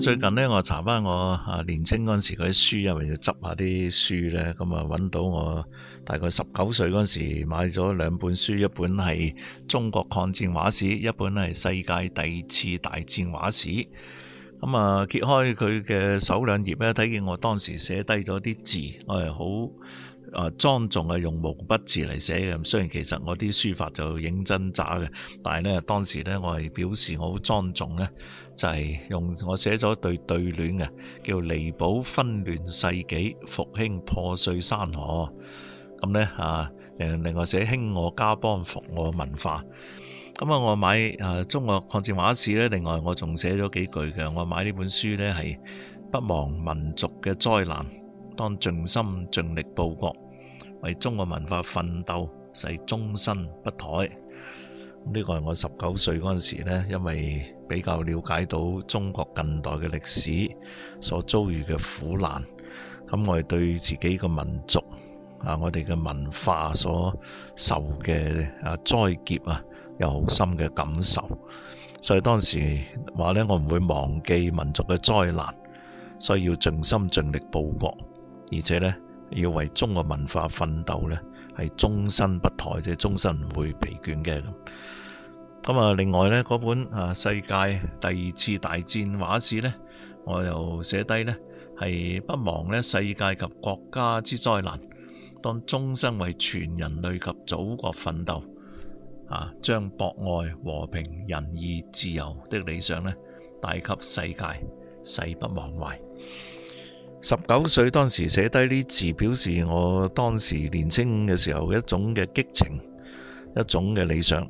最近呢，我查翻我啊年青嗰陣時嗰啲書，又咪要執下啲書呢，咁啊揾到我大概十九歲嗰陣時買咗兩本書，一本係中國抗戰畫史，一本咧係世界第二次大戰畫史。咁啊，揭開佢嘅首兩頁呢，睇見我當時寫低咗啲字，我係好。啊莊重係用毛筆字嚟寫嘅，雖然其實我啲書法就認真渣嘅，但係呢，當時呢，我係表示我好莊重呢就係、是、用我寫咗對對聯嘅，叫彌補紛亂世紀，復興破碎山河。咁呢，啊，另外寫興我家邦，復我文化。咁啊我買中國抗戰畫史呢，另外我仲寫咗幾句嘅。我買呢本書呢，係不忘民族嘅災難。當盡心盡力報國，為中國文化奮鬥，誓終身不怠。呢個係我十九歲嗰陣時呢，因為比較了解到中國近代嘅歷史所遭遇嘅苦難，咁我哋對自己嘅民族啊，我哋嘅文化所受嘅啊災劫啊，有好深嘅感受，所以當時話呢，我唔會忘記民族嘅災難，所以要盡心盡力報國。而且呢，要為中國文化奮鬥呢係終身不怠，即係終身唔會疲倦嘅。咁咁啊，另外呢，嗰本啊《世界第二次大戰畫史》呢，我又寫低呢係不忘呢世界及國家之災難，當終身為全人類及祖國奮鬥，啊，將博愛、和平、仁義、自由的理想呢，帶給世界，誓不忘懷。十九歲當時寫低呢字，表示我當時年青嘅時候一種嘅激情，一種嘅理想。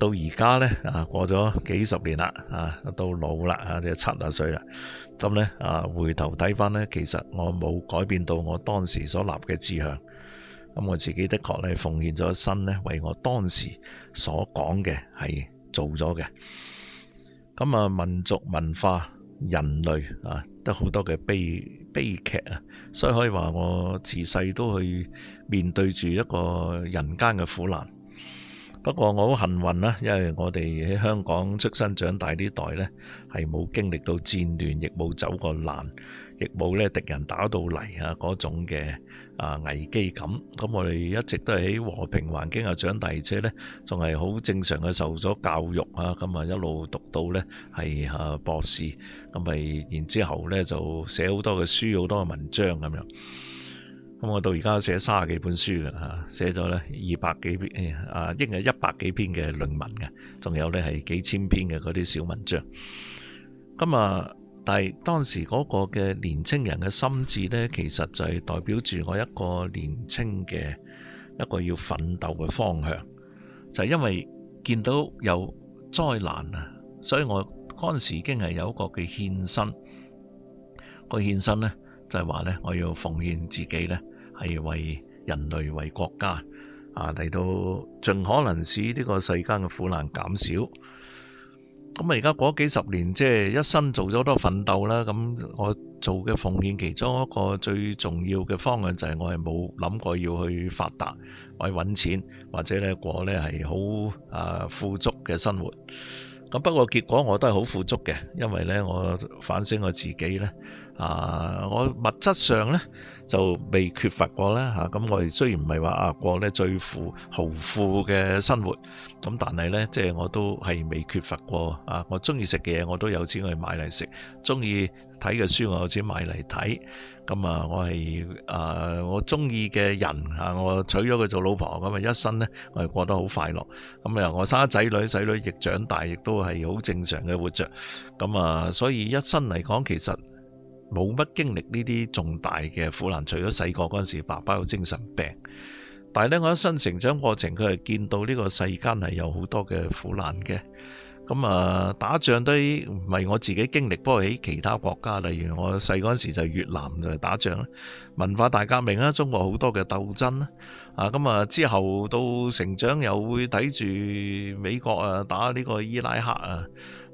到而家呢，啊，過咗幾十年啦，啊，到老啦啊，即係七啊歲啦。咁呢，啊，回頭睇返呢，其實我冇改變到我當時所立嘅志向。咁我自己的確呢奉獻咗一生呢，為我當時所講嘅係做咗嘅。咁啊，民族文化、人類啊。得好多嘅悲悲劇啊，所以可以話我自細都去面對住一個人間嘅苦難。不過我好幸運啦、啊，因為我哋喺香港出生長大呢代，呢係冇經歷到戰亂，亦冇走過難。亦冇咧，敵人打到嚟啊！嗰種嘅啊危機感，咁我哋一直都係喺和平環境啊長大，而且咧，仲係好正常嘅受咗教育啊！咁啊一路讀到咧係啊博士，咁咪然之後咧就寫好多嘅書，好多嘅文章咁樣。咁我到而家寫三十幾本書嘅嚇，寫咗咧二百幾篇，啊應係一百幾篇嘅論文嘅，仲有咧係幾千篇嘅嗰啲小文章。咁啊～但係當時嗰個嘅年青人嘅心智呢，其實就係代表住我一個年青嘅一個要奮鬥嘅方向。就係因為見到有災難啊，所以我嗰陣時已經係有一個嘅獻身。嗰個獻身呢，就係話呢，我要奉獻自己呢，係為人類為國家啊嚟到盡可能使呢個世間嘅苦難減少。咁啊！而家過幾十年，即係一生做咗好多奮鬥啦。咁我做嘅奉獻，其中一個最重要嘅方向就係我係冇諗過要去發達，我去揾錢，或者咧過呢係好啊富足嘅生活。咁不過結果我都係好富足嘅，因為呢，我反省我自己呢。啊！我物質上呢就未缺乏過啦嚇。咁我哋雖然唔係話啊過呢最富豪富嘅生活，咁但係呢，即係我都係未缺乏過啊。我中意食嘅嘢，我都有錢去買嚟食；中意睇嘅書，我有錢買嚟睇。咁啊，我係啊我中意嘅人嚇，我娶咗佢做老婆，咁啊一生呢，我係過得好快樂。咁啊，我生仔女，仔女亦長大，亦都係好正常嘅活着。咁啊，所以一生嚟講，其實～冇乜經歷呢啲重大嘅苦難，除咗細個嗰陣時爸爸有精神病，但係呢，我一生成長過程，佢係見到呢個世間係有好多嘅苦難嘅。咁、嗯、啊，打仗都唔係我自己經歷，不過喺其他國家，例如我細嗰陣時就越南就係打仗啦，文化大革命啦，中國好多嘅鬥爭啊，咁、嗯、啊之後到成長又會睇住美國啊打呢個伊拉克啊。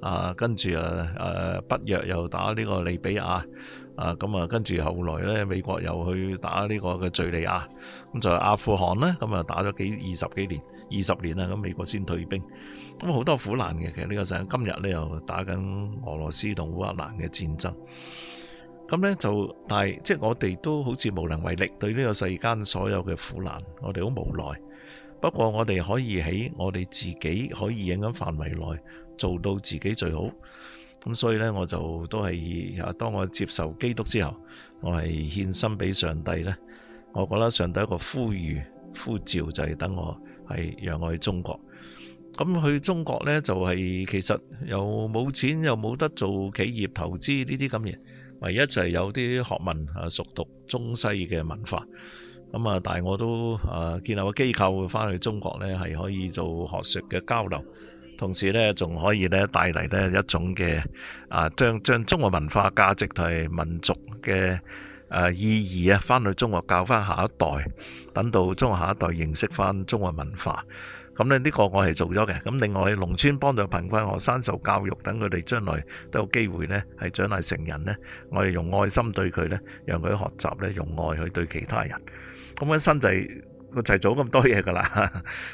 啊，跟住啊，北約又打呢個利比亞，啊咁啊，跟住後來呢美國又去打呢個嘅敍利亞，咁就阿富汗呢，咁啊打咗幾二十幾年、二十年啦，咁美國先退兵，咁好多苦難嘅。其實呢個成今日呢又打緊俄羅斯同烏克蘭嘅戰爭，咁呢就但係即係我哋都好似無能為力對呢個世間所有嘅苦難，我哋好無奈。不過我哋可以喺我哋自己可以影響範圍內。做到自己最好，咁所以呢，我就都係啊。當我接受基督之後，我係獻身俾上帝呢，我覺得上帝一個呼籲、呼召就係、是、等我係讓我去中國。咁去中國呢，就係、是、其實又冇錢又冇得做企業投資呢啲咁嘢，唯一就係有啲學問啊，熟讀中西嘅文化。咁啊，但係我都啊建立個機構翻去中國呢，係可以做學術嘅交流。同時咧，仲可以咧帶嚟咧一種嘅，啊，將將中華文化價值同埋民族嘅誒意義啊，翻去中國教翻下一代，等到中國下一代認識翻中華文化。咁咧呢個我係做咗嘅。咁另外，農村幫助貧困學生受教育，等佢哋將來都有機會咧係長大成人咧，我哋用愛心對佢咧，讓佢學習咧用愛去對其他人。咁樣新仔。我就做咁多嘢噶啦，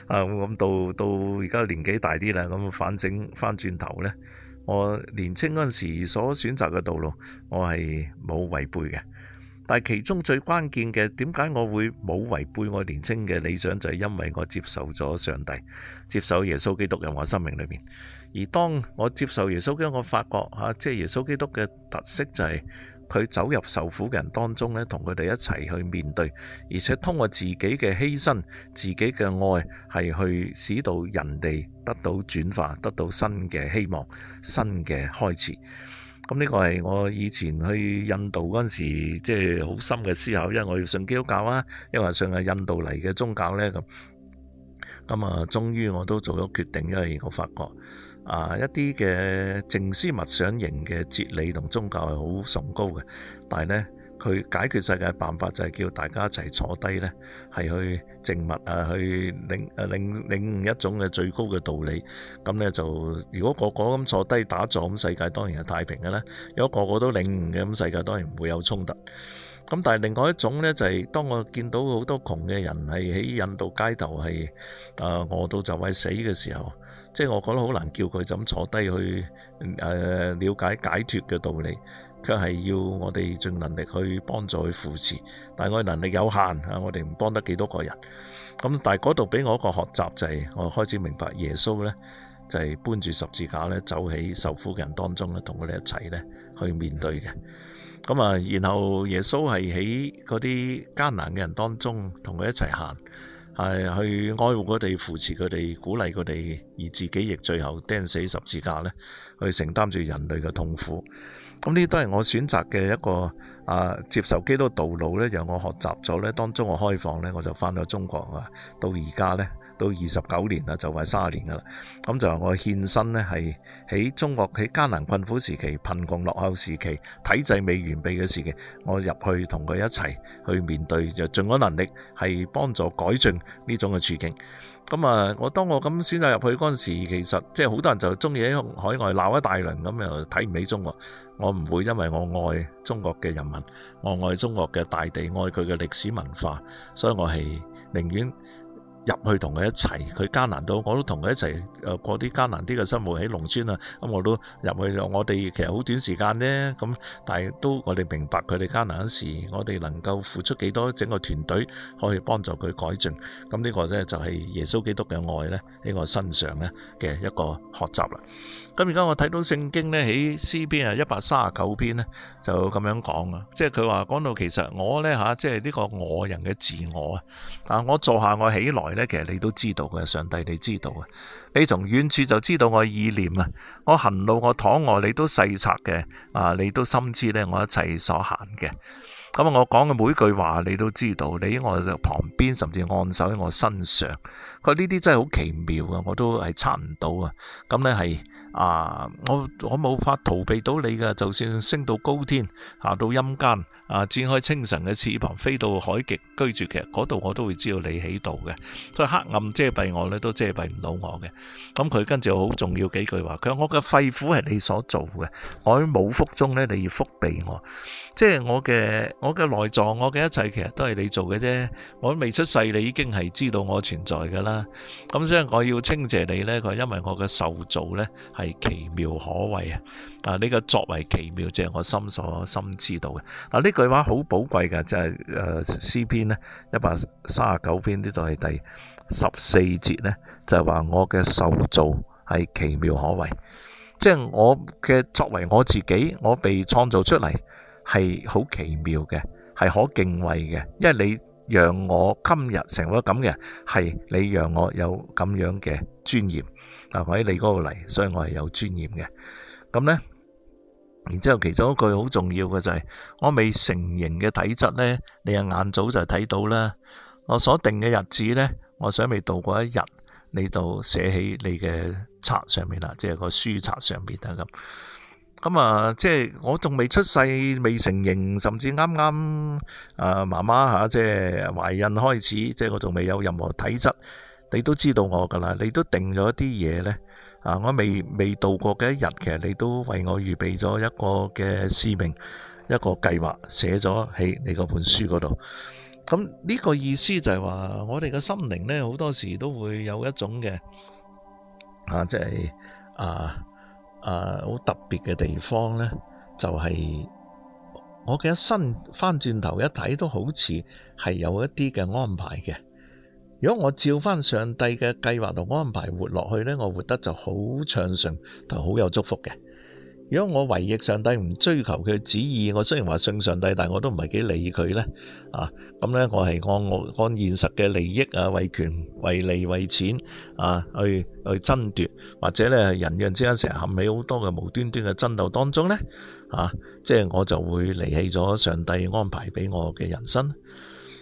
啊咁到到而家年紀大啲啦，咁反省翻轉頭呢。我年青嗰陣時所選擇嘅道路，我係冇違背嘅。但係其中最關鍵嘅，點解我會冇違背我年青嘅理想，就係、是、因為我接受咗上帝，接受耶穌基督入我生命裏邊。而當我接受耶穌基督，我發覺吓，即係耶穌基督嘅特色就係、是。佢走入受苦嘅人當中呢，同佢哋一齊去面對，而且通過自己嘅犧牲、自己嘅愛，係去使到人哋得到轉化、得到新嘅希望、新嘅開始。咁呢個係我以前去印度嗰陣時，即係好深嘅思考，因為我要信基督教啊，因為信係印度嚟嘅宗教咧咁。咁啊，終於我都做咗決定，因為我發覺啊，一啲嘅靜思默想型嘅哲理同宗教係好崇高嘅，但係呢，佢解決世界嘅辦法就係叫大家一齊坐低呢係去靜默啊，去領，領，領，領悟一種嘅最高嘅道理。咁、嗯、呢，就如果個個咁坐低打坐咁，這個、世界當然係太平嘅啦。如果個個都領悟嘅咁，這個、世界當然唔會有衝突。咁但係另外一種呢，就係、是、當我見到好多窮嘅人係喺印度街頭係啊餓到就快死嘅時候，即、就、係、是、我覺得好難叫佢咁坐低去誒瞭、呃、解解脫嘅道理，佢係要我哋盡能力去幫助去扶持。但係我哋能力有限啊，我哋唔幫得幾多少個人。咁但係嗰度俾我一個學習就係、是、我開始明白耶穌呢，就係、是、搬住十字架呢，走喺受苦嘅人當中咧，同佢哋一齊呢去面對嘅。咁啊，然後耶穌係喺嗰啲艱難嘅人當中，同佢一齊行，係去愛護佢哋，扶持佢哋，鼓勵佢哋，而自己亦最後釘死十字架呢，去承擔住人類嘅痛苦。咁呢都係我選擇嘅一個啊，接受基督道路呢，讓我學習咗呢當中嘅開放呢，我就翻咗中國啊，到而家呢。到二十九年啦，就快，是，卅年噶啦。咁就話我獻身呢係喺中國喺艱難困苦時期，貧窮落後時期、體制未完備嘅時期，我入去同佢一齊去面對，就盡可能力係幫助改進呢種嘅處境。咁啊，我當我咁選擇入去嗰陣時，其實即係好多人就中意喺海外鬧一大輪，咁又睇唔起中國。我唔會，因為我愛中國嘅人民，我愛中國嘅大地，我愛佢嘅歷史文化，所以我係寧願。入去同佢一齊，佢艱難到我都同佢一齊，誒過啲艱難啲嘅生活喺農村啊，咁我都入去。我哋其實好短時間啫，咁但係都我哋明白佢哋艱難時，我哋能夠付出幾多，整個團隊可以幫助佢改進，咁呢個呢就係耶穌基督嘅愛咧，喺我身上咧嘅一個學習啦。咁而家我睇到聖經咧喺詩篇啊一百三十九篇咧就咁樣講啊，即係佢話講到其實我咧吓即係呢個我人嘅自我啊，啊我做下我起來其實你都知道嘅，上帝你知道嘅，你從遠處就知道我意念啊，我行路我躺臥，你都細察嘅，啊，你都深知咧我一切所行嘅。咁啊，我講嘅每句話你都知道，你喺我旁邊，甚至按手喺我身上。佢呢啲真係好奇妙嘅，我都係測唔到啊。咁咧係啊，我我冇法逃避到你噶，就算升到高天，下到陰間。啊！展開清晨嘅翅膀，飛到海極居住嘅嗰度，其實我都會知道你喺度嘅。所以黑暗遮蔽我咧，都遮蔽唔到我嘅。咁佢跟住好重要幾句話，佢話我嘅肺腑係你所做嘅，我喺母腹中呢，你要覆庇我。即係我嘅我嘅內臟，我嘅一切其實都係你做嘅啫。我未出世，你已經係知道我存在嘅啦。咁所以我要稱謝你呢。佢話因為我嘅受造呢係奇妙可畏啊！啊，呢個作為奇妙，正、就是、我心所心知道嘅嗱呢。啊這個句話好寶貴嘅，即係誒，《詩篇》咧一百三十九篇呢度係第十四節咧，就係話我嘅受造係奇妙可為，即係我嘅作為我自己，我被創造出嚟係好奇妙嘅，係可敬畏嘅，因為你讓我今日成為咁嘅，係你讓我有咁樣嘅尊嚴，嗱我喺你嗰度嚟，所以我係有尊嚴嘅，咁咧。然之後，其中一句好重要嘅，就係、是、我未成形嘅體質呢，你啊眼早就睇到啦。我所定嘅日子呢，我想未度過一日，你就寫喺你嘅冊上面啦，即係個書冊上面啊。咁咁啊，即係我仲未出世，未成形，甚至啱啱誒媽媽吓、啊，即係懷孕開始，即係我仲未有任何體質。你都知道我噶啦，你都定咗啲嘢呢，啊！我未未度過嘅一日，其實你都為我預備咗一個嘅使命，一個計劃，寫咗喺你嗰本書嗰度。咁呢個意思就係話，我哋嘅心靈呢，好多時都會有一種嘅啊，即係啊啊好特別嘅地方呢，就係、是、我嘅一生。翻轉頭一睇，都好似係有一啲嘅安排嘅。如果我照翻上帝嘅計劃同安排活落去呢，我活得就好暢順同好有祝福嘅。如果我違逆上帝唔追求佢旨意，我雖然話信上帝，但係我都唔係幾理佢呢啊，咁呢我係按我按現實嘅利益啊、為權、為利、為錢啊去去爭奪，或者呢人與人之間成日陷喺好多嘅無端端嘅爭鬥當中呢啊，即係我就會離棄咗上帝安排俾我嘅人生。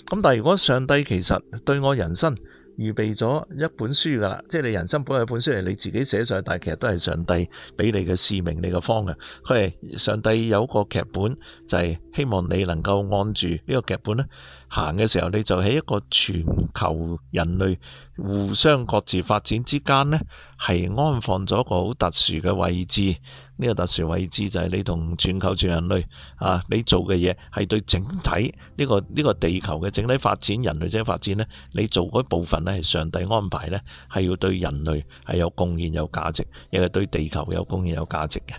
咁但係如果上帝其實對我人生預備咗一本書噶啦，即係你人生本來一本書係你自己寫上去，但係其實都係上帝俾你嘅使命、你嘅方向。佢係上帝有個劇本，就係、是、希望你能夠按住呢個劇本咧行嘅時候，你就喺一個全球人類互相各自發展之間咧，係安放咗個好特殊嘅位置，呢個特殊位置就係你同全球全人類啊，你做嘅嘢係對整體呢個呢個地球嘅整體發展、人類整體發展呢，你做嗰部分呢係上帝安排呢係要對人類係有貢獻、有價值，亦係對地球有貢獻、有價值嘅。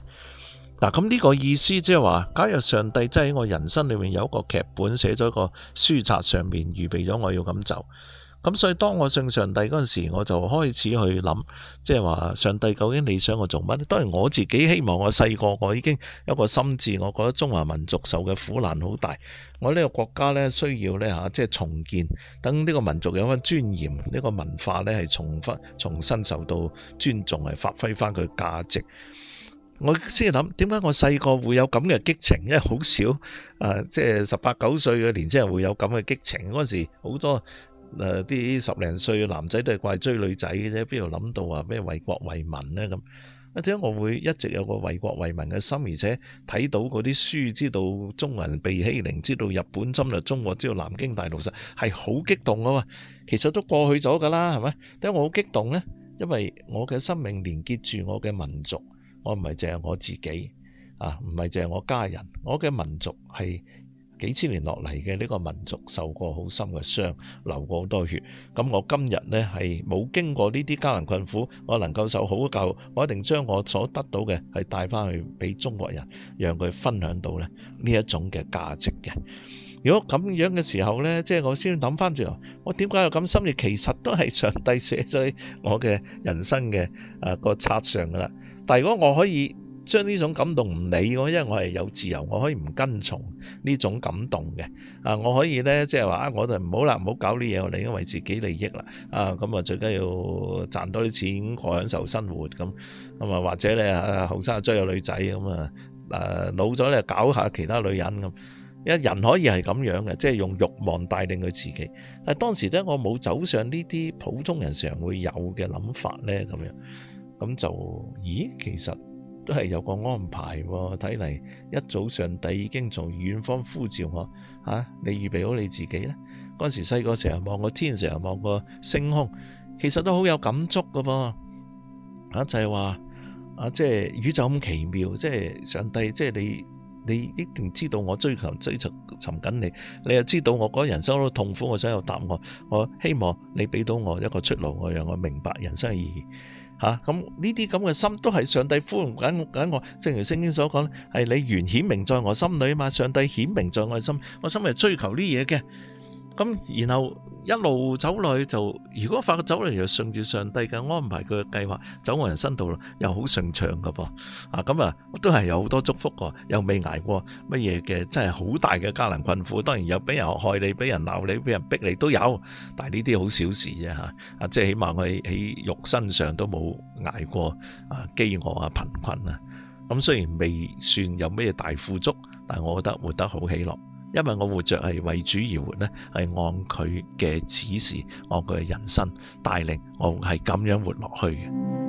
嗱，咁呢個意思即係話，假如上帝真係喺我人生裏面有一個劇本，寫咗個書冊上面預備咗，我要咁做。咁所以當我信上帝嗰陣時，我就開始去諗，即係話上帝究竟你想我做乜？當然我自己希望我細個，我已經有一個心智，我覺得中華民族受嘅苦難好大，我呢個國家呢，需要呢，吓、啊，即係重建，等呢個民族有份尊嚴，呢、這個文化呢，係重、重新受到尊重，係發揮翻佢價值。我先諗，點解我細個會有咁嘅激情？因為好少誒，即係十八九歲嘅年青人會有咁嘅激情。嗰陣時好多。誒，啲十零歲男仔都係怪追女仔嘅啫，邊度諗到話咩為國為民呢？咁，啊點解我會一直有個為國為民嘅心，而且睇到嗰啲書，知道中國人被欺凌，知道日本侵略中國，知道南京大屠殺，係好激動啊嘛！其實都過去咗噶啦，係咪？點解我好激動呢？因為我嘅生命連結住我嘅民族，我唔係淨係我自己啊，唔係淨係我家人，我嘅民族係。幾千年落嚟嘅呢個民族受過好深嘅傷，流過好多血。咁我今日呢，係冇經過呢啲艱難困苦，我能夠受好嘅教育，我一定將我所得到嘅係帶翻去俾中國人，讓佢分享到呢呢一種嘅價值嘅。如果咁樣嘅時候呢，即係我先諗翻住，我點解有咁深嘅？其實都係上帝寫咗喺我嘅人生嘅誒個冊上噶啦。但係如果我可以，將呢種感動唔理我，因為我係有自由，我可以唔跟從呢種感動嘅。啊，我可以呢，即係話啊，我就唔好啦，唔好搞呢啲嘢，我寧願為自己利益啦。啊，咁啊，最緊要賺多啲錢，過享受生活咁。咁啊，或者你啊後生追下女仔咁啊，誒、啊、老咗你搞下其他女人咁。一人可以係咁樣嘅，即係用欲望帶領佢自己。但當時咧，我冇走上呢啲普通人常會有嘅諗法呢。咁樣咁就咦，其實。都係有個安排喎，睇嚟一早上帝已經從遠方呼召我，吓、啊、你預備好你自己咧。嗰時細個成日望個天，成日望個星空，其實都好有感觸噶噃。啊，就係話啊，即係宇宙咁奇妙，即係上帝，即係你，你一定知道我追求、追尋、尋緊你。你又知道我嗰人生好痛苦，我想有答案。我希望你俾到我一個出路，我讓我明白人生意義。咁呢啲咁嘅心，都係上帝呼喚緊我。正如聖經所講，係你原顯明在我心裏，啊嘛，上帝顯明在我心，我心係追求呢啲嘢嘅。咁，然後一路走來就，如果發覺走嚟又順住上帝嘅安排佢嘅計劃走，我人生道又好順暢㗎噃。啊，咁啊，啊，都係有好多祝福嘅、啊，又未挨過乜嘢嘅，真係好大嘅艱難困苦。當然有俾人害你，俾人鬧你，俾人逼你都有，但係呢啲好小事啫啊，啊，即係起碼我喺肉身上都冇挨過啊飢餓啊貧困啊。咁、啊啊、雖然未算有咩大富足，但係我覺得活得好喜樂。因為我活着係為主而活，呢係按佢嘅指示，按佢嘅人生帶領，我係噉樣活落去嘅。